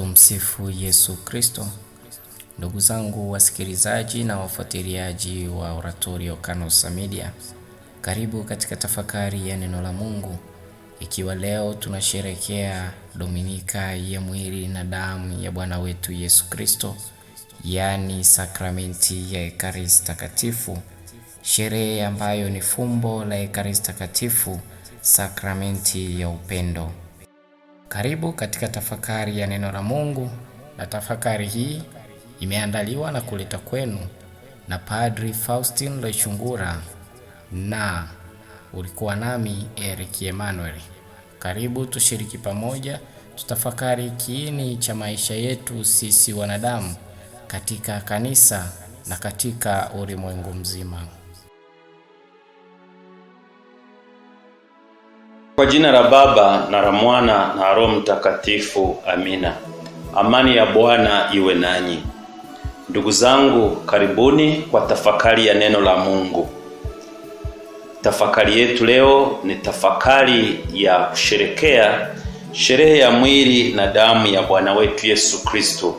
Tumsifu Yesu Kristo. Ndugu zangu wasikilizaji na wafuatiliaji wa Oratorio Kanosa Media, karibu katika tafakari ya neno la Mungu, ikiwa leo tunasherekea Dominika ya mwili na damu ya Bwana wetu Yesu Kristo, yaani sakramenti ya Ekaristi Takatifu, sherehe ambayo ni fumbo la Ekaristi Takatifu, sakramenti ya upendo. Karibu katika tafakari ya neno la Mungu, na tafakari hii imeandaliwa na kuleta kwenu na Padri Faustin Lechungura na ulikuwa nami Eric Emmanuel. Karibu tushiriki pamoja, tutafakari kiini cha maisha yetu sisi wanadamu katika kanisa na katika ulimwengu mzima. Kwa jina la Baba na la Mwana na Roho Mtakatifu, amina. Amani ya Bwana iwe nanyi. Ndugu zangu, karibuni kwa tafakari ya neno la Mungu. Tafakari yetu leo ni tafakari ya kusherekea sherehe ya mwili na damu ya Bwana wetu Yesu Kristo.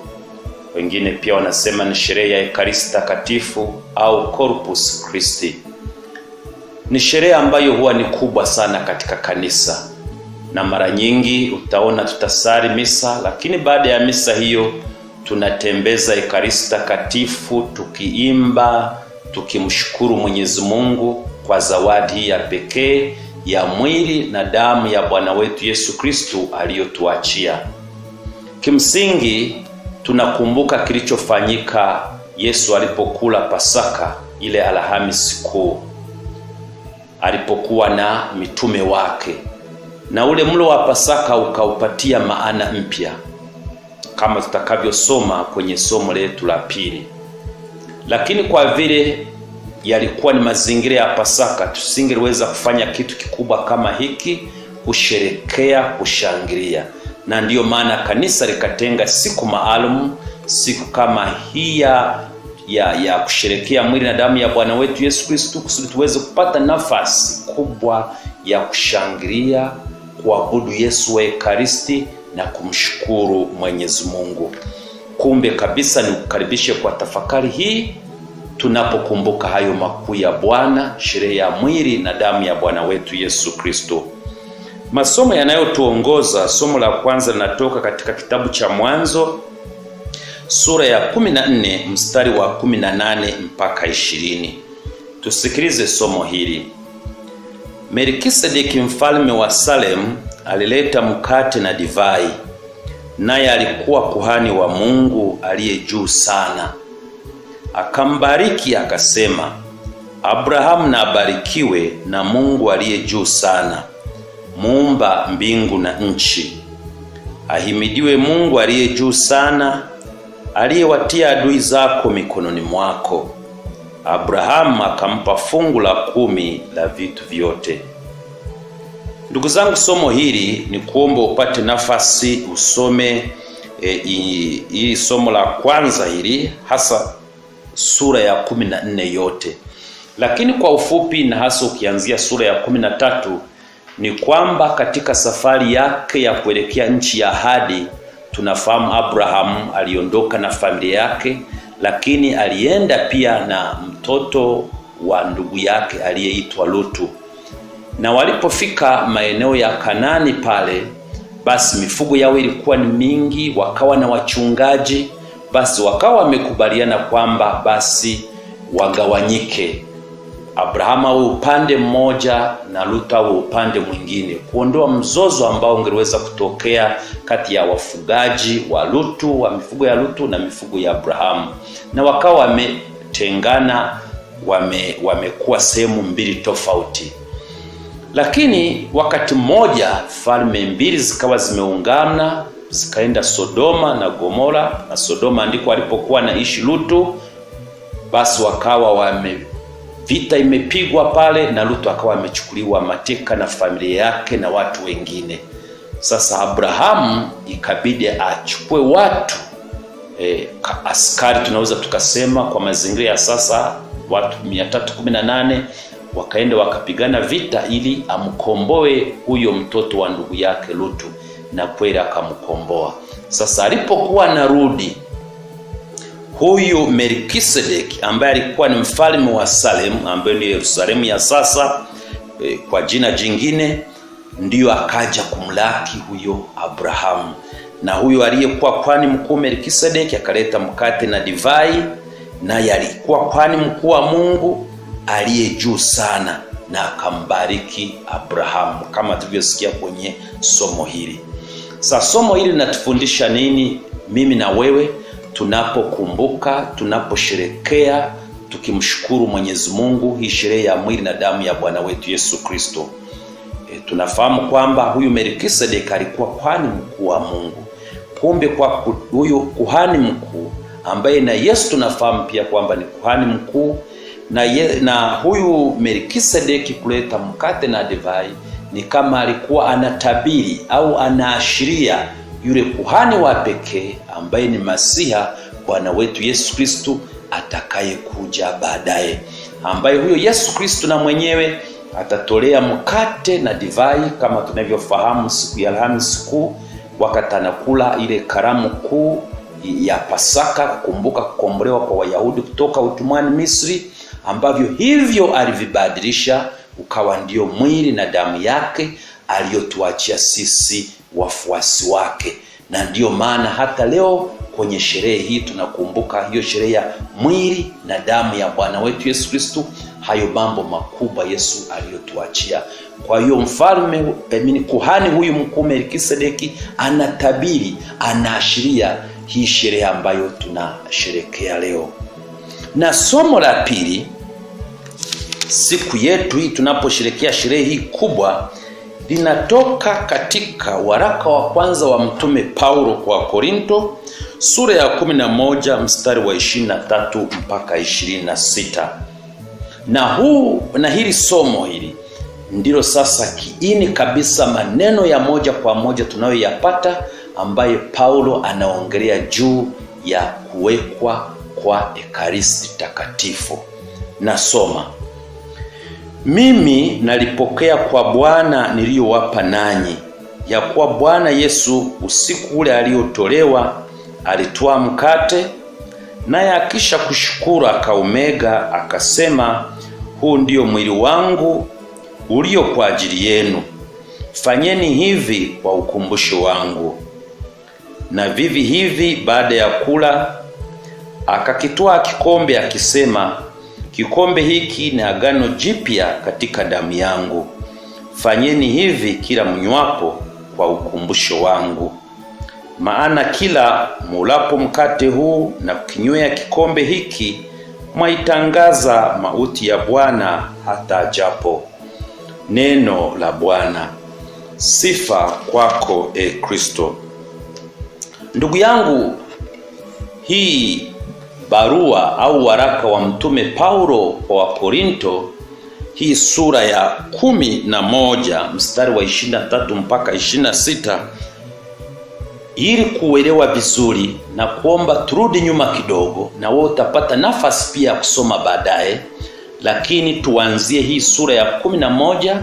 Wengine pia wanasema ni sherehe ya Ekaristi Takatifu au Corpus Christi. Ni sherehe ambayo huwa ni kubwa sana katika kanisa, na mara nyingi utaona tutasali misa, lakini baada ya misa hiyo tunatembeza Ekaristi Takatifu tukiimba, tukimshukuru Mwenyezi Mungu kwa zawadi hii ya pekee ya mwili na damu ya Bwana wetu Yesu Kristu aliyotuachia. Kimsingi tunakumbuka kilichofanyika Yesu alipokula Pasaka ile Alhamisi Kuu alipokuwa na mitume wake, na ule mlo wa Pasaka ukaupatia maana mpya kama tutakavyosoma kwenye somo letu la pili. Lakini kwa vile yalikuwa ni mazingira ya Pasaka, tusingeweza kufanya kitu kikubwa kama hiki, kusherekea, kushangilia, na ndiyo maana kanisa likatenga siku maalumu, siku kama hii ya ya ya kusherekea mwili na damu ya Bwana wetu Yesu Kristo kusudi tuweze kupata nafasi kubwa ya kushangilia, kuabudu Yesu wa Ekaristi na kumshukuru Mwenyezi Mungu. Kumbe kabisa nikukaribishe kwa tafakari hii tunapokumbuka hayo makuu ya Bwana, sherehe ya mwili na damu ya Bwana wetu Yesu Kristo. Masomo yanayotuongoza, somo la kwanza linatoka katika kitabu cha Mwanzo sura ya 14 mstari wa 18 mpaka 20. Tusikilize somo hili. Melkisedeki mfalme wa Salemu alileta mkate na divai, naye alikuwa kuhani wa Mungu aliye juu sana. Akambariki akasema, Abrahamu na abarikiwe na Mungu aliye juu sana, muumba mbingu na nchi. Ahimidiwe Mungu aliye juu sana aliyewatia adui zako mikononi mwako. Abrahamu akampa fungu la kumi la vitu vyote. Ndugu zangu, somo hili ni kuomba upate nafasi usome e, somo la kwanza hili hasa sura ya kumi na nne yote, lakini kwa ufupi na hasa ukianzia sura ya kumi na tatu ni kwamba katika safari yake ya kuelekea nchi ya ahadi Tunafahamu Abrahamu aliondoka na familia yake, lakini alienda pia na mtoto wa ndugu yake aliyeitwa Lutu. Na walipofika maeneo ya Kanani pale, basi mifugo yao ilikuwa ni mingi, wakawa na wachungaji, basi wakawa wamekubaliana kwamba basi wagawanyike Abrahamu awe upande mmoja na Lutu wa upande mwingine, kuondoa mzozo ambao ungeweza kutokea kati ya wafugaji wa Lutu wa mifugo ya Lutu na mifugo ya Abrahamu, na wakawa wametengana, wame wamekuwa sehemu mbili tofauti. Lakini wakati mmoja falme mbili zikawa zimeungana zikaenda Sodoma na Gomora, na Sodoma ndiko alipokuwa naishi Lutu, basi wakawa wame Vita imepigwa pale na Lutu akawa amechukuliwa mateka na familia yake na watu wengine. Sasa Abrahamu ikabidi achukue watu e, askari tunaweza tukasema kwa mazingira ya sasa watu 318 wakaenda wakapigana vita ili amkomboe huyo mtoto wa ndugu yake Lutu, na kweli akamkomboa. Sasa alipokuwa narudi huyu Melkisedeki ambaye alikuwa ni mfalme wa Salemu ambayo ni Yerusalemu ya sasa e, kwa jina jingine, ndiyo akaja kumlaki huyo Abrahamu, na huyo aliyekuwa kwani mkuu Melkisedeki akaleta mkate na divai, naye alikuwa kwani mkuu wa Mungu aliye juu sana, na akambariki Abrahamu kama tulivyosikia kwenye somo hili. Sasa somo hili linatufundisha nini mimi na wewe? tunapokumbuka, tunaposherekea, tukimshukuru Mwenyezi Mungu hii sherehe ya mwili na damu ya Bwana wetu Yesu Kristo. E, tunafahamu kwamba huyu melkisedek alikuwa kuhani mkuu wa Mungu. Kumbe kwa huyu kuhani mkuu ambaye na Yesu tunafahamu pia kwamba ni kuhani mkuu na, ye, na huyu Melkisedeki kuleta mkate na divai ni kama alikuwa anatabiri au anaashiria yule kuhani wa pekee ambaye ni Masiha Bwana wetu Yesu kristu atakayekuja baadaye, ambaye huyo Yesu kristu na mwenyewe atatolea mkate na divai kama tunavyofahamu siku ya Alhamisi Kuu, wakati anakula ile karamu kuu ya Pasaka, kukumbuka kukombolewa kwa Wayahudi kutoka utumwani Misri, ambavyo hivyo alivibadilisha ukawa ndiyo mwili na damu yake aliyotuachia sisi wafuasi wake, na ndiyo maana hata leo kwenye sherehe hii tunakumbuka hiyo sherehe ya mwili na damu ya Bwana wetu Yesu Kristu, hayo mambo makubwa Yesu aliyotuachia. Kwa hiyo mfalme emini, eh, kuhani huyu mkuu Melkisedeki anatabiri, anaashiria hii sherehe ambayo tunasherekea leo. Na somo la pili siku yetu hii tunaposherekea sherehe hii kubwa linatoka katika waraka wa kwanza wa mtume Paulo kwa Korinto sura ya 11 mstari wa 23 mpaka 26. Na huu na hili somo hili ndilo sasa kiini kabisa maneno ya moja kwa moja tunayoyapata ambaye Paulo anaongelea juu ya kuwekwa kwa Ekaristi Takatifu. Nasoma mimi nalipokea kwa Bwana niliyowapa nanyi, ya kuwa Bwana Yesu usiku ule aliyotolewa alitwaa mkate, naye akisha kushukuru akaumega, akasema, huu ndiyo mwili wangu ulio kwa ajili yenu, fanyeni hivi kwa ukumbusho wangu. Na vivi hivi baada ya kula akakitwaa kikombe akisema Kikombe hiki ni agano jipya katika damu yangu. Fanyeni hivi kila mnywapo kwa ukumbusho wangu. Maana kila mulapo mkate huu na kinywea kikombe hiki, mwaitangaza mauti ya Bwana hata ajapo. Neno la Bwana. Sifa kwako, e Kristo. Ndugu yangu, hii barua au waraka wa mtume Paulo kwa Wakorinto, hii sura ya kumi na moja mstari wa tatu mpaka sita ili kuelewa vizuri na kuomba turudi nyuma kidogo, na wewe utapata nafasi pia ya kusoma baadaye, lakini tuanzie hii sura ya 11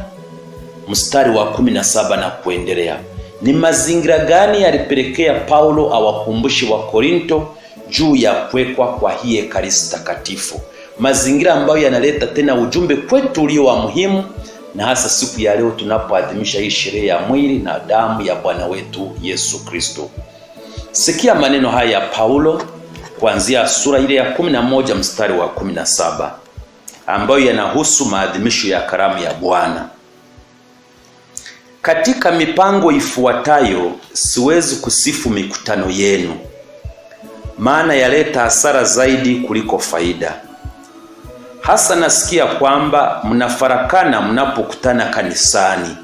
mstari wa 17 na kuendelea. Ni mazingira gani yalipelekea Paulo awakumbushi wa korinto juu ya kuwekwa kwa hii Ekaristi takatifu, mazingira ambayo yanaleta tena ujumbe kwetu ulio wa muhimu, na hasa siku ya leo tunapoadhimisha hii sherehe ya mwili na damu ya Bwana wetu Yesu Kristo. Sikia maneno haya ya Paulo kuanzia sura ile ya 11 mstari wa 17 ambayo yanahusu maadhimisho ya karamu ya Bwana. Katika mipango ifuatayo siwezi kusifu mikutano yenu maana yaleta hasara zaidi kuliko faida. Hasa nasikia kwamba mnafarakana mnapokutana kanisani.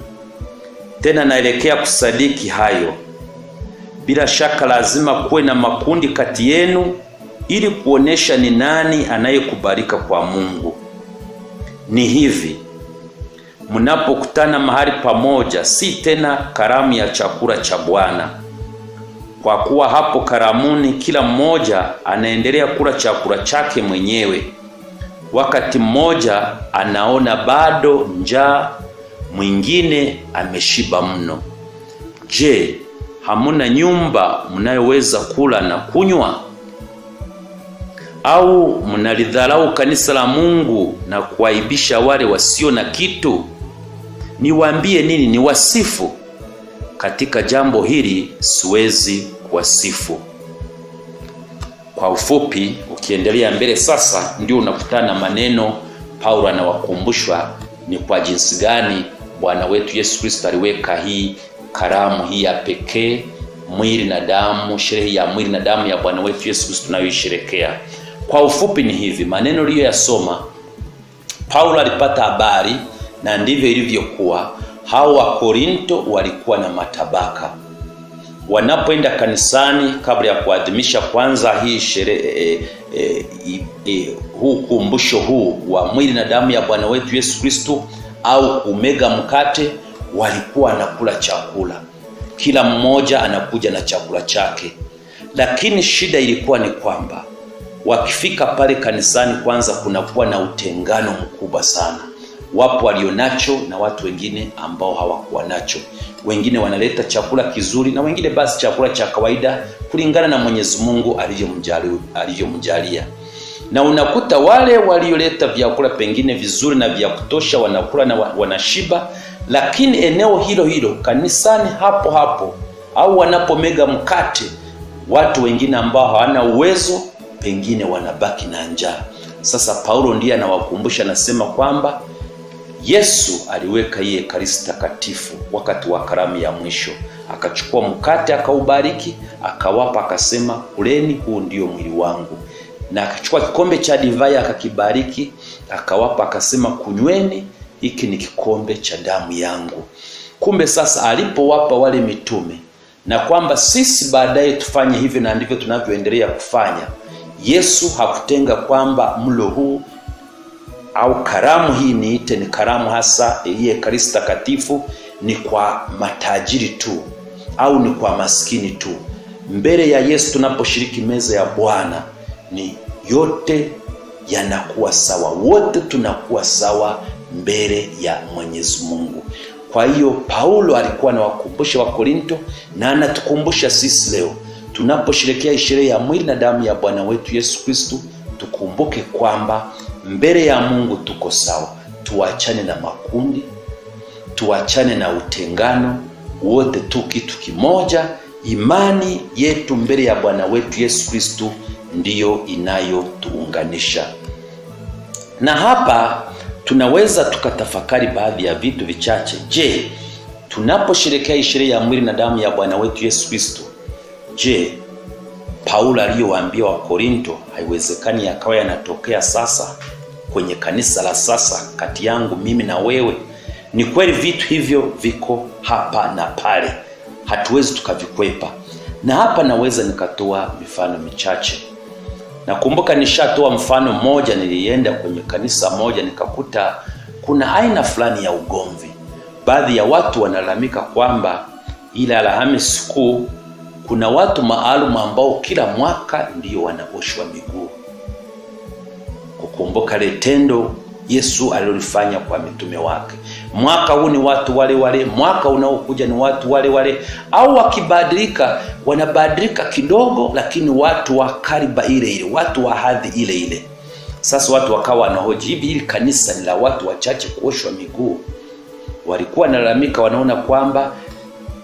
Tena naelekea kusadiki hayo. Bila shaka lazima kuwe na makundi kati yenu ili kuonesha ni nani anayekubalika kwa Mungu. Ni hivi, mnapokutana mahali pamoja, si tena karamu ya chakula cha Bwana kwa kuwa hapo karamuni kila mmoja anaendelea kula chakula chake mwenyewe. Wakati mmoja anaona bado njaa, mwingine ameshiba mno. Je, hamuna nyumba mnayoweza kula na kunywa? Au mnalidharau kanisa la Mungu na kuaibisha wale wasio na kitu? Niwaambie nini? Niwasifu? Katika jambo hili siwezi wasifu. Kwa ufupi, ukiendelea mbele sasa, ndio unakutana maneno Paulo anawakumbushwa ni kwa jinsi gani Bwana wetu Yesu Kristo aliweka hii karamu hii ya pekee, mwili na damu, sherehe ya mwili na damu ya Bwana wetu Yesu Kristo tunayoisherekea. Kwa ufupi ni hivi maneno uliyoyasoma, Paulo alipata habari na ndivyo ilivyokuwa. Hao wa Korinto walikuwa na matabaka wanapoenda kanisani kabla ya kuadhimisha kwanza hii sherehe e, e, e, huu kumbusho huu wa mwili na damu ya Bwana wetu Yesu Kristo au kumega mkate, walikuwa anakula chakula, kila mmoja anakuja na chakula chake. Lakini shida ilikuwa ni kwamba wakifika pale kanisani, kwanza kunakuwa na utengano mkubwa sana Wapo walionacho na watu wengine ambao hawakuwa nacho. Wengine wanaleta chakula kizuri na wengine basi chakula cha kawaida, kulingana na Mwenyezi Mungu alivyomjalia. Na unakuta wale walioleta vyakula pengine vizuri na vya kutosha, wanakula na wanashiba, lakini eneo hilo hilo kanisani hapo hapo, au wanapomega mkate, watu wengine ambao hawana uwezo pengine wanabaki na njaa. Sasa Paulo ndiye anawakumbusha, anasema kwamba Yesu aliweka hii Ekaristi takatifu wakati wa karamu ya mwisho, akachukua mkate akaubariki, akawapa, akasema kuleni, huu ndiyo mwili wangu, na akachukua kikombe cha divai akakibariki, akawapa, akasema kunyweni, hiki ni kikombe cha damu yangu. Kumbe sasa alipowapa wale mitume na kwamba sisi baadaye tufanye hivyo, na ndivyo tunavyoendelea kufanya. Yesu hakutenga kwamba mlo huu au karamu hii niite ni karamu hasa eh, hii Ekaristi Takatifu ni kwa matajiri tu au ni kwa maskini tu. Mbele ya Yesu tunaposhiriki meza ya Bwana ni yote yanakuwa sawa, wote tunakuwa sawa mbele ya Mwenyezi Mungu. Kwa hiyo Paulo alikuwa anawakumbusha Wakorinto na anatukumbusha sisi leo tunaposherekea sherehe ya mwili na damu ya Bwana wetu Yesu Kristu, tukumbuke kwamba mbele ya Mungu tuko sawa. Tuachane na makundi, tuachane na utengano, wote tu kitu kimoja. Imani yetu mbele ya Bwana wetu Yesu Kristu ndiyo inayotuunganisha. Na hapa tunaweza tukatafakari baadhi ya vitu vichache. Je, tunaposherekea sherehe ya mwili na damu ya Bwana wetu Yesu kristu je, Paulo aliyowaambia wa Korinto haiwezekani yakawa yanatokea sasa kwenye kanisa la sasa, kati yangu mimi na wewe. Ni kweli vitu hivyo viko hapa na pale, hatuwezi tukavikwepa, na hapa naweza nikatoa mifano michache. Nakumbuka nishatoa mfano mmoja, nilienda kwenye kanisa moja nikakuta kuna aina fulani ya ugomvi. Baadhi ya watu wanalalamika kwamba ile Alhamisi Kuu kuna watu maalum ambao kila mwaka ndio wanaoshwa miguu. Kukumbuka ile tendo Yesu alilofanya kwa mitume wake. Mwaka huu ni watu wale wale, mwaka unaokuja ni watu wale wale, au wakibadilika, wanabadilika kidogo, lakini watu wa kariba ile ile, watu wa hadhi ile ile. Sasa watu wakawa wanahoji, hivi hili kanisa ni la watu wachache kuoshwa miguu? Walikuwa wanalalamika, wanaona kwamba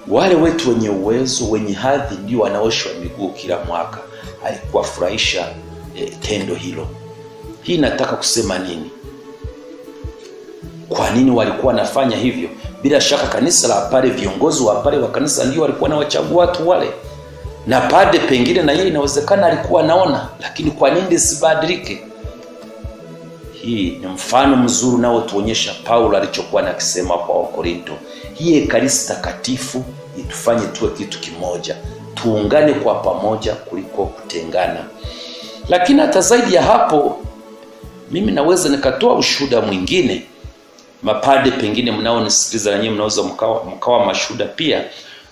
wale wetu wenye uwezo, wenye hadhi ndio wanaoshwa miguu kila mwaka. alikuwafurahisha e, tendo hilo. Hii nataka kusema nini? Kwa nini walikuwa wanafanya hivyo? Bila shaka kanisa la pale, viongozi wa pale wa kanisa ndio walikuwa nawachagua watu wale, na pade pengine na yeye inawezekana alikuwa naona, lakini kwa nini lisibadilike? Hii ni mfano mzuri unaotuonyesha Paulo alichokuwa nakisema kwa Wakorinto. Hii Ekaristi takatifu itufanye tuwe kitu kimoja, tuungane kwa pamoja kuliko kutengana. Lakini hata zaidi ya hapo, mimi naweza nikatoa ushuhuda mwingine. Mapade pengine mnaonisikiliza, na nyinyi mnaweza mkawa, mkawa mashuhuda pia.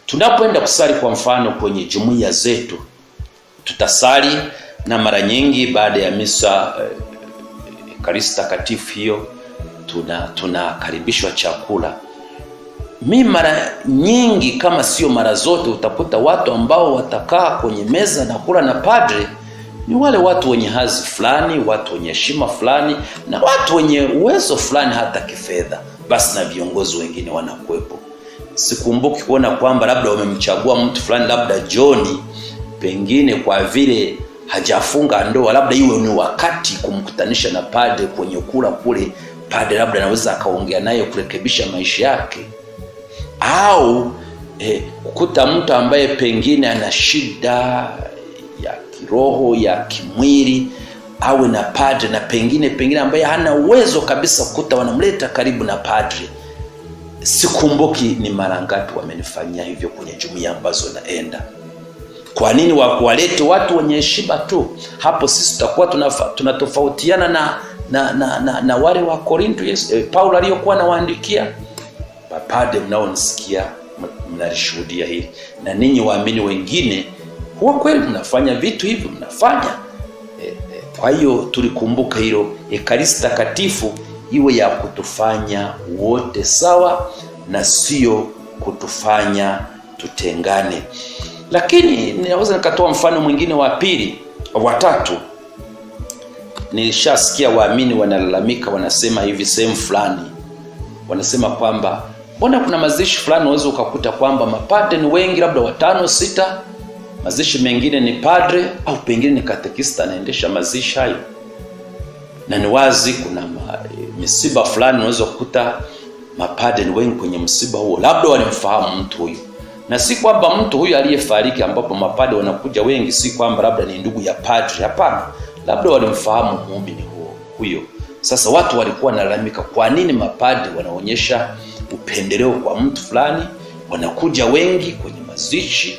Tunapoenda kusali kwa mfano kwenye jumuiya zetu, tutasali na mara nyingi baada ya misa eh, Ekaristi takatifu hiyo, tunakaribishwa chakula. Mi mara nyingi kama sio mara zote, utakuta watu ambao watakaa kwenye meza na kula na padre ni wale watu wenye hazi fulani, watu wenye heshima fulani, na watu wenye uwezo fulani hata kifedha, basi na viongozi wengine wanakuwepo. Sikumbuki kuona kwamba labda wamemchagua mtu fulani, labda John, pengine kwa vile hajafunga ndoa, labda iwe ni wakati kumkutanisha na padre kwenye kula kule, padre labda anaweza akaongea naye kurekebisha maisha yake, au eh, kukuta mtu ambaye pengine ana shida ya kiroho ya kimwili awe na padre, na pengine pengine ambaye hana uwezo kabisa, kukuta wanamleta karibu na padre. Sikumbuki ni mara ngapi wamenifanyia hivyo kwenye jumuiya ambazo naenda. Kwa nini wakuwalete watu wenye heshima tu? Hapo sisi tutakuwa tunatofautiana na, na, na, na, na wale wa Korinto yes, eh, Paulo aliyokuwa anawaandikia. Papade, mnaonisikia mnalishuhudia hili, na ninyi waamini wengine, huwa kweli mnafanya vitu hivyo mnafanya eh, eh. Kwa hiyo tulikumbuka hilo, Ekaristi takatifu iwe ya kutufanya wote sawa na sio kutufanya tutengane. Lakini ninaweza nikatoa mfano mwingine wa pili, wa tatu. Nilishasikia waamini wanalalamika, wanasema hivi sehemu fulani, wanasema kwamba mbona kuna mazishi fulani unaweza ukakuta kwamba mapadre ni wengi, labda watano sita, mazishi mengine ni padre au pengine ni katekista anaendesha mazishi hayo, na ni wazi kuna ma, misiba fulani unaweza kukuta mapadre ni wengi kwenye msiba huo, labda walimfahamu mtu huyu na si kwamba mtu huyu aliyefariki, ambapo mapadre wanakuja wengi, si kwamba labda ni ndugu ya padri. Hapana, labda walimfahamu muumini huo huyo. Sasa watu walikuwa wanalalamika, kwa nini mapadre wanaonyesha upendeleo kwa mtu fulani, wanakuja wengi kwenye mazishi,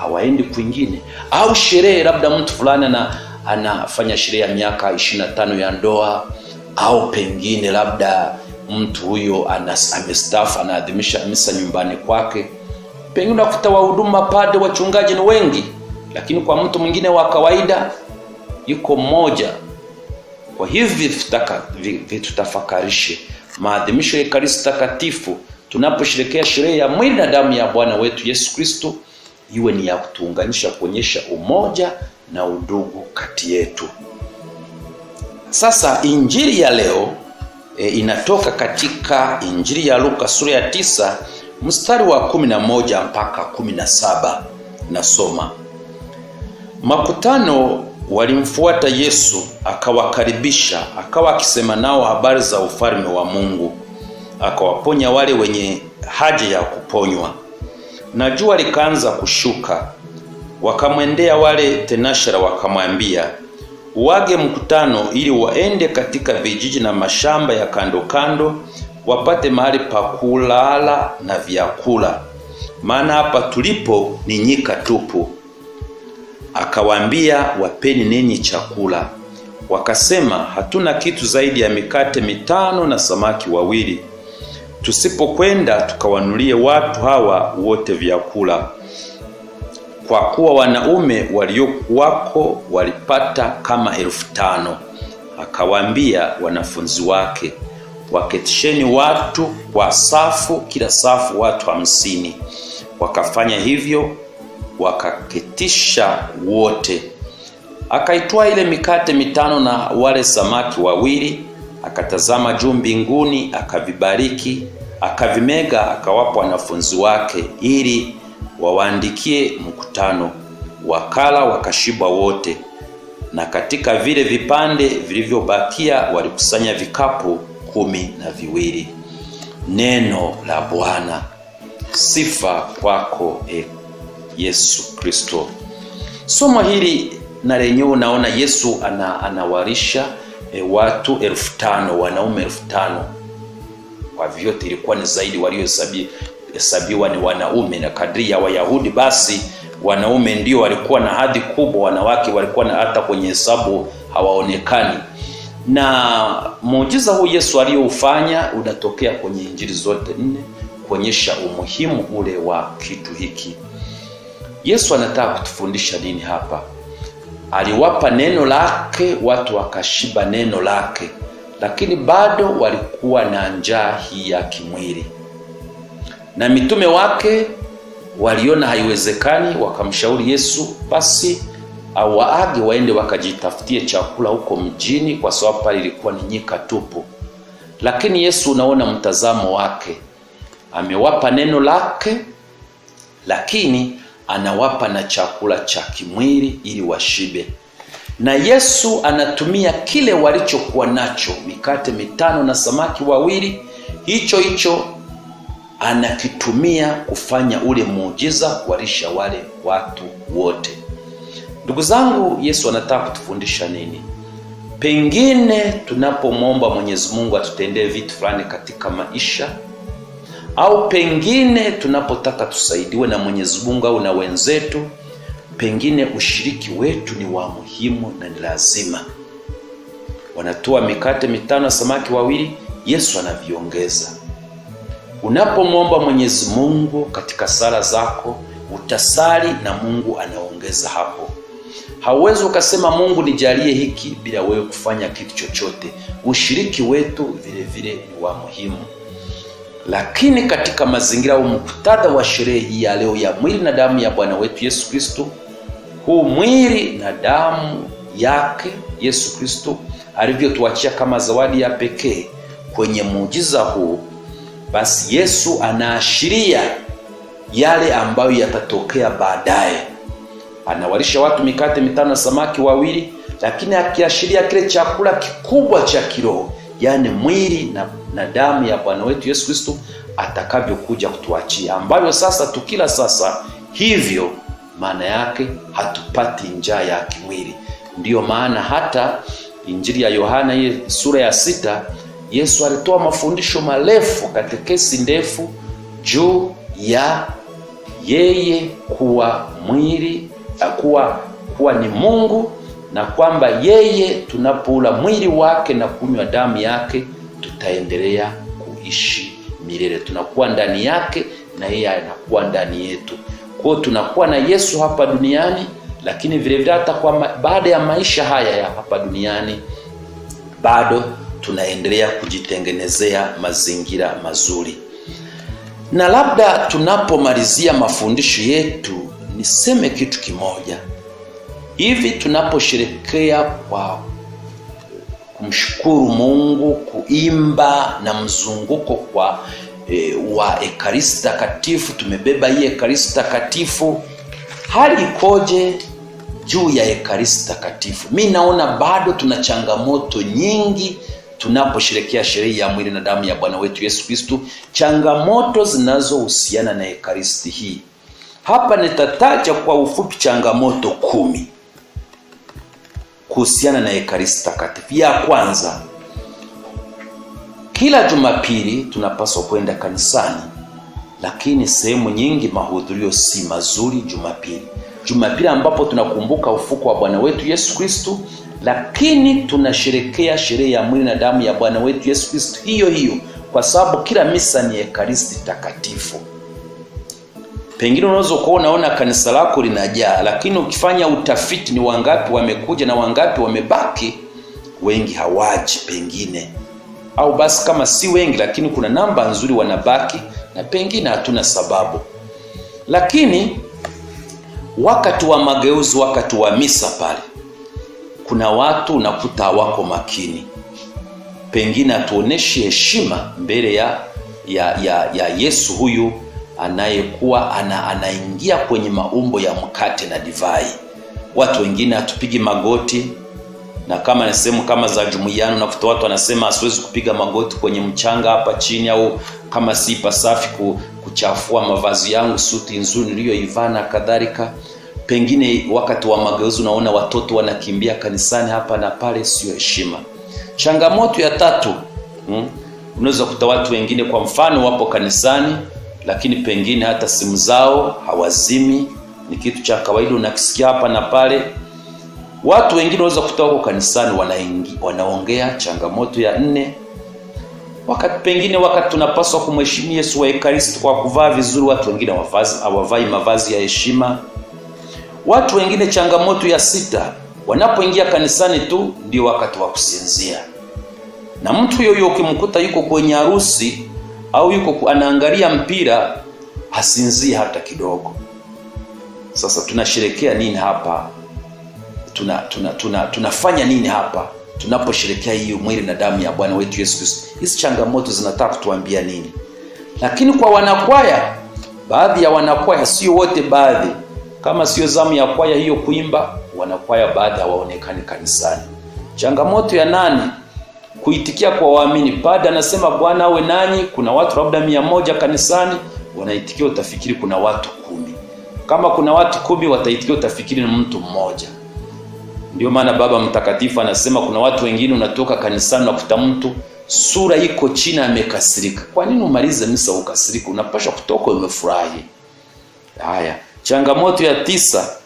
hawaendi kwingine, au sherehe, labda mtu fulani ana anafanya sherehe ya miaka ishirini na tano ya ndoa, au pengine labda mtu huyo amestaafu anaadhimisha misa nyumbani kwake Pengine unakuta wahuduma, pade wachungaji ni wengi, lakini kwa mtu mwingine wa kawaida yuko mmoja. Kwa hivi vitutafakarishe maadhimisho ya Ekaristi Takatifu tunaposherekea sherehe ya mwili na damu ya Bwana wetu Yesu Kristo iwe ni ya kutuunganisha, kuonyesha umoja na udugu kati yetu. Sasa injili ya leo e, inatoka katika Injili ya Luka sura ya tisa mstari wa 11 mpaka 17, nasoma: makutano walimfuata Yesu, akawakaribisha, akawa akisema nao habari za ufalme wa Mungu, akawaponya wale wenye haja ya kuponywa. Na jua likaanza kushuka, wakamwendea wale tenashara, wakamwambia uwage mkutano, ili waende katika vijiji na mashamba ya kando kando wapate mahali pa kulala na vyakula, maana hapa tulipo ni nyika tupu. Akawaambia, wapeni ninyi chakula. Wakasema, hatuna kitu zaidi ya mikate mitano na samaki wawili, tusipokwenda tukawanulie watu hawa wote vyakula. Kwa kuwa wanaume waliokuwako walipata kama elfu tano. Akawaambia wanafunzi wake waketisheni watu kwa safu, kila safu watu hamsini. Wakafanya hivyo, wakaketisha wote. Akaitwaa ile mikate mitano na wale samaki wawili, akatazama juu mbinguni, akavibariki, akavimega, akawapa wanafunzi wake ili wawaandikie mkutano. Wakala wakashiba wote, na katika vile vipande vilivyobakia walikusanya vikapu kumi na viwili. Neno la Bwana. Sifa kwako e Yesu Kristo. Somo hili na lenyewe unaona Yesu ana, anawarisha e, watu elfu tano wanaume elfu tano kwa vyote ilikuwa ni zaidi waliohesabiwa ni wanaume, na kadri ya Wayahudi basi wanaume ndio walikuwa na hadhi kubwa, wanawake walikuwa na hata kwenye hesabu hawaonekani na muujiza huu Yesu aliyoufanya unatokea kwenye Injili zote nne kuonyesha umuhimu ule wa kitu hiki. Yesu anataka kutufundisha nini hapa? Aliwapa neno lake, watu wakashiba neno lake, lakini bado walikuwa na njaa hii ya kimwili, na mitume wake waliona haiwezekani, wakamshauri Yesu basi waage waende wakajitafutie chakula huko mjini, kwa sababu pale ilikuwa ni nyika tupu. Lakini Yesu unaona mtazamo wake, amewapa neno lake, lakini anawapa na chakula cha kimwili ili washibe. Na Yesu anatumia kile walichokuwa nacho, mikate mitano na samaki wawili, hicho hicho anakitumia kufanya ule muujiza, kuwalisha wale watu wote. Ndugu zangu, Yesu anataka kutufundisha nini? Pengine tunapomwomba Mwenyezi Mungu atutendee vitu fulani katika maisha, au pengine tunapotaka tusaidiwe na Mwenyezi Mungu au na wenzetu, pengine ushiriki wetu ni wa muhimu na ni lazima. Wanatoa mikate mitano na samaki wawili, Yesu anaviongeza. Unapomwomba Mwenyezi Mungu katika sala zako, utasali na Mungu anaongeza hapo. Hauwezi ukasema Mungu nijalie hiki bila wewe kufanya kitu chochote. Ushiriki wetu vile vile ni wa muhimu. Lakini katika mazingira au muktadha wa sherehe hii ya leo ya mwili na damu ya Bwana wetu Yesu Kristo, huu mwili na damu yake Yesu Kristo alivyotuachia kama zawadi ya pekee kwenye muujiza huu, basi Yesu anaashiria yale ambayo yatatokea baadaye anawalisha watu mikate mitano na samaki wawili, lakini akiashiria kile chakula kikubwa cha kiroho, yaani mwili na, na damu ya Bwana wetu Yesu Kristo atakavyokuja kutuachia, ambavyo sasa tukila sasa hivyo, maana yake hatupati njaa ya kimwili. Ndiyo maana hata Injili ya Yohana hii sura ya sita Yesu alitoa mafundisho marefu, katekesi ndefu juu ya yeye kuwa mwili kuwa, kuwa ni Mungu na kwamba yeye tunapula mwili wake na kunywa damu yake tutaendelea kuishi milele, tunakuwa ndani yake na yeye anakuwa ndani yetu. Kwa hiyo tunakuwa na Yesu hapa duniani, lakini vile vile hata kwa baada ya maisha haya ya hapa duniani bado tunaendelea kujitengenezea mazingira mazuri. Na labda tunapomalizia mafundisho yetu niseme kitu kimoja hivi, tunaposherekea kwa kumshukuru Mungu, kuimba na mzunguko kwa e, wa Ekaristi Takatifu, tumebeba hii Ekaristi Takatifu, hali ikoje juu ya Ekaristi Takatifu? Mi naona bado tuna changamoto nyingi tunaposherekea sherehe ya mwili na damu ya Bwana wetu Yesu Kristu, changamoto zinazohusiana na Ekaristi hii hapa nitataja kwa ufupi changamoto kumi kuhusiana na Ekaristi Takatifu. Ya kwanza, kila Jumapili tunapaswa kwenda kanisani, lakini sehemu nyingi mahudhurio si mazuri Jumapili. Jumapili ambapo tunakumbuka ufuko wa Bwana wetu Yesu Kristu, lakini tunasherekea sherehe ya mwili na damu ya Bwana wetu Yesu Kristu hiyo hiyo, kwa sababu kila misa ni Ekaristi Takatifu. Pengine unaweza kuwa unaona kanisa lako linajaa, lakini ukifanya utafiti ni wangapi wamekuja na wangapi wamebaki, wengi hawaji pengine, au basi kama si wengi, lakini kuna namba nzuri wanabaki, na pengine hatuna sababu. Lakini wakati wa mageuzi, wakati wa misa pale, kuna watu unakuta wako makini, pengine hatuoneshi heshima mbele ya, ya, ya, ya Yesu huyu anayekuwa ana, anaingia kwenye maumbo ya mkate na divai. Watu wengine hatupigi magoti, na kama ni sehemu kama za jumuiya, unakuta watu wanasema asiwezi kupiga magoti kwenye mchanga hapa chini, au kama si pasafi kuchafua mavazi yangu, suti nzuri niliyoivaa na kadhalika. Pengine wakati wa mageuzi unaona watoto wanakimbia kanisani hapa na pale, sio heshima. Changamoto ya tatu, hmm, unaweza kuta watu wengine kwa mfano wapo kanisani lakini pengine hata simu zao hawazimi, ni kitu cha kawaida, unakisikia hapa na pale. Watu wengine waweza kutoka huko kanisani wanaongea changamoto ya nne wakati pengine wakati tunapaswa kumheshimu Yesu wa Ekaristi kwa kuvaa vizuri, watu wengine hawavai mavazi ya heshima. Watu wengine, changamoto ya sita, wanapoingia kanisani tu ndio wakati wa kusinzia. Na mtu yoyo ukimkuta yuko kwenye harusi au yuko anaangalia mpira hasinzii hata kidogo. Sasa tunasherekea nini hapa? Tuna, tuna, tuna, tunafanya nini hapa tunaposherekea hiyo mwili na damu ya Bwana wetu Yesu Kristo? Hizi changamoto zinataka kutuambia nini? Lakini kwa wanakwaya, baadhi ya wanakwaya, sio wote, baadhi kama sio zamu ya kwaya hiyo kuimba, wanakwaya baadhi hawaonekani kanisani. Changamoto ya nane kuitikia kwa waamini. Baada anasema Bwana awe nanyi, kuna watu labda mia moja kanisani wanaitikia, utafikiri kuna watu kumi. Kama kuna watu kumi wataitikia, utafikiri ni mtu mmoja. Ndio maana Baba Mtakatifu anasema kuna watu wengine unatoka kanisani unakuta mtu sura iko chini amekasirika. Kwa nini umalize misa ukasirika? Unapaswa kutoka umefurahi. Haya, changamoto ya tisa,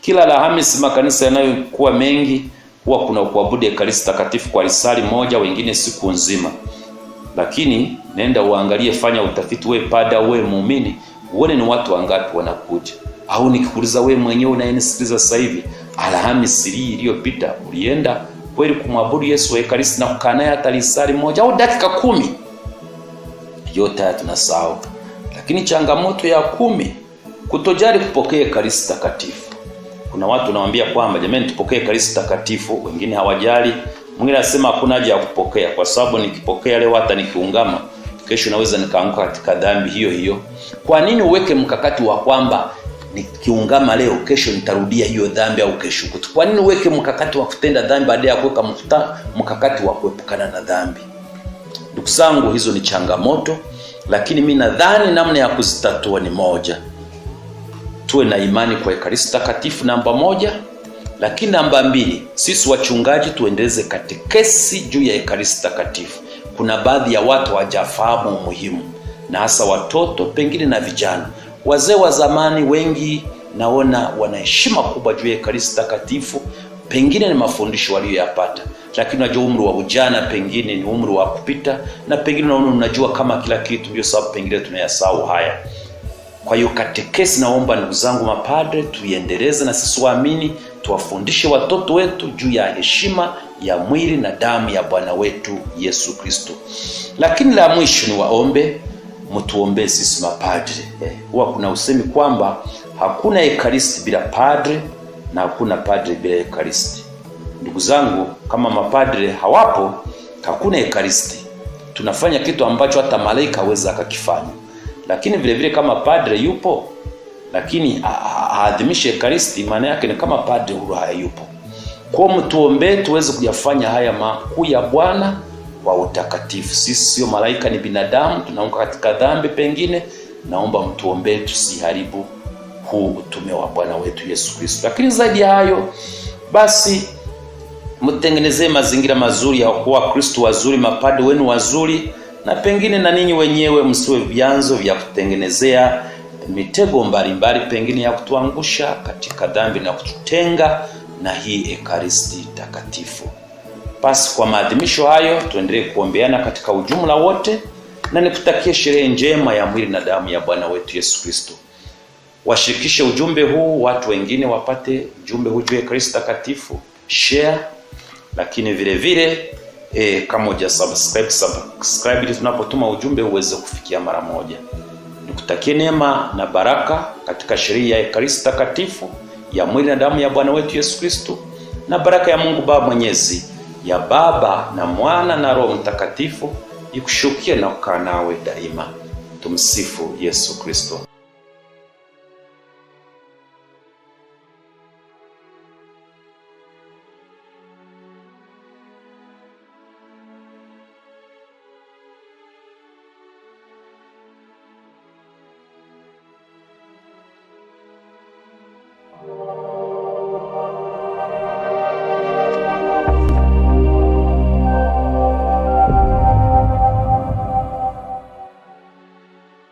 kila Alhamisi makanisa yanayokuwa mengi huwa kuna kuabudu Ekaristi Takatifu kwa risali moja, wengine siku nzima. Lakini nenda uangalie, fanya utafiti, we pada, we muumini, uone ni watu wangapi wanakuja. Au nikikuliza we mwenyewe unayenisikiliza sasa hivi, Alhamisi hii iliyopita ulienda kweli kumwabudu Yesu wa Ekaristi na kukaa naye hata risali moja au dakika kumi? Yote haya tunasahau. Lakini changamoto ya kumi, kutojali kupokea Ekaristi Takatifu. Kuna watu nawaambia kwamba jamani, tupokee Ekaristi Takatifu, wengine hawajali. Mwingine anasema hakuna haja ya kupokea, kwa sababu nikipokea leo hata nikiungama kesho naweza nikaanguka katika dhambi hiyo hiyo. Kwa nini uweke mkakati wa kwamba nikiungama leo kesho nitarudia hiyo dhambi au kesho kutu? Kwa nini uweke mkakati wa kutenda dhambi baada ya kuweka mkakati wa kuepukana na dhambi? Ndugu zangu, hizo ni changamoto, lakini mi nadhani namna ya kuzitatua ni moja tuwe na imani kwa Ekaristi Takatifu, namba moja. Lakini namba mbili, sisi wachungaji tuendeleze katekesi juu ya Ekaristi Takatifu. Kuna baadhi ya watu hawajafahamu umuhimu, na hasa watoto pengine na vijana. Wazee wa zamani wengi naona wana heshima kubwa juu ya Ekaristi Takatifu, pengine ni mafundisho waliyoyapata, lakini unajua umri wa ujana pengine ni umri wa kupita, na pengine naona unajua kama kila kitu, ndio sababu pengine tunayasahau haya. Kwa hiyo katekesi, naomba ndugu zangu mapadre, tuiendeleze na sisi waamini, tuwafundishe watoto wetu juu ya heshima ya mwili na damu ya Bwana wetu Yesu Kristo. Lakini la mwisho ni waombe, mtuombee sisi mapadre. Eh, huwa kuna usemi kwamba hakuna ekaristi bila padre na hakuna padre bila ekaristi. Ndugu zangu, kama mapadre hawapo, hakuna ekaristi. Tunafanya kitu ambacho hata malaika hawezi akakifanya lakini vile vile kama padre yupo lakini aadhimishe Ekaristi, maana yake ni kama padre huyo hayupo. Kwa mtuombee tuweze kuyafanya haya makuu ya Bwana kwa utakatifu. Sisi sio malaika, ni binadamu, tunaunga katika dhambi pengine. Naomba mtuombee tusiharibu huu utume wa Bwana wetu Yesu Kristo. Lakini zaidi ya hayo basi, mtengenezee mazingira mazuri ya kuwa Kristo wazuri, mapadre wenu wazuri na pengine na ninyi wenyewe msiwe vyanzo vya kutengenezea mitego mbalimbali pengine ya kutuangusha katika dhambi na kututenga na hii Ekaristi Takatifu. Basi kwa maadhimisho hayo tuendelee kuombeana katika ujumla wote, na nikutakie sherehe njema ya mwili na damu ya Bwana wetu Yesu Kristo. Washirikishe ujumbe huu, watu wengine wapate ujumbe huu juu ya Ekaristi Takatifu, share, lakini vile vile e, kama uja subscribe, subscribe ili tunapotuma ujumbe uweze kufikia mara moja. Nikutakie neema na baraka katika sheria ya Ekaristi Takatifu ya mwili na damu ya Bwana wetu Yesu Kristo na baraka ya Mungu Baba Mwenyezi ya Baba na Mwana na Roho Mtakatifu ikushukie na kukaa nawe daima. Tumsifu Yesu Kristo.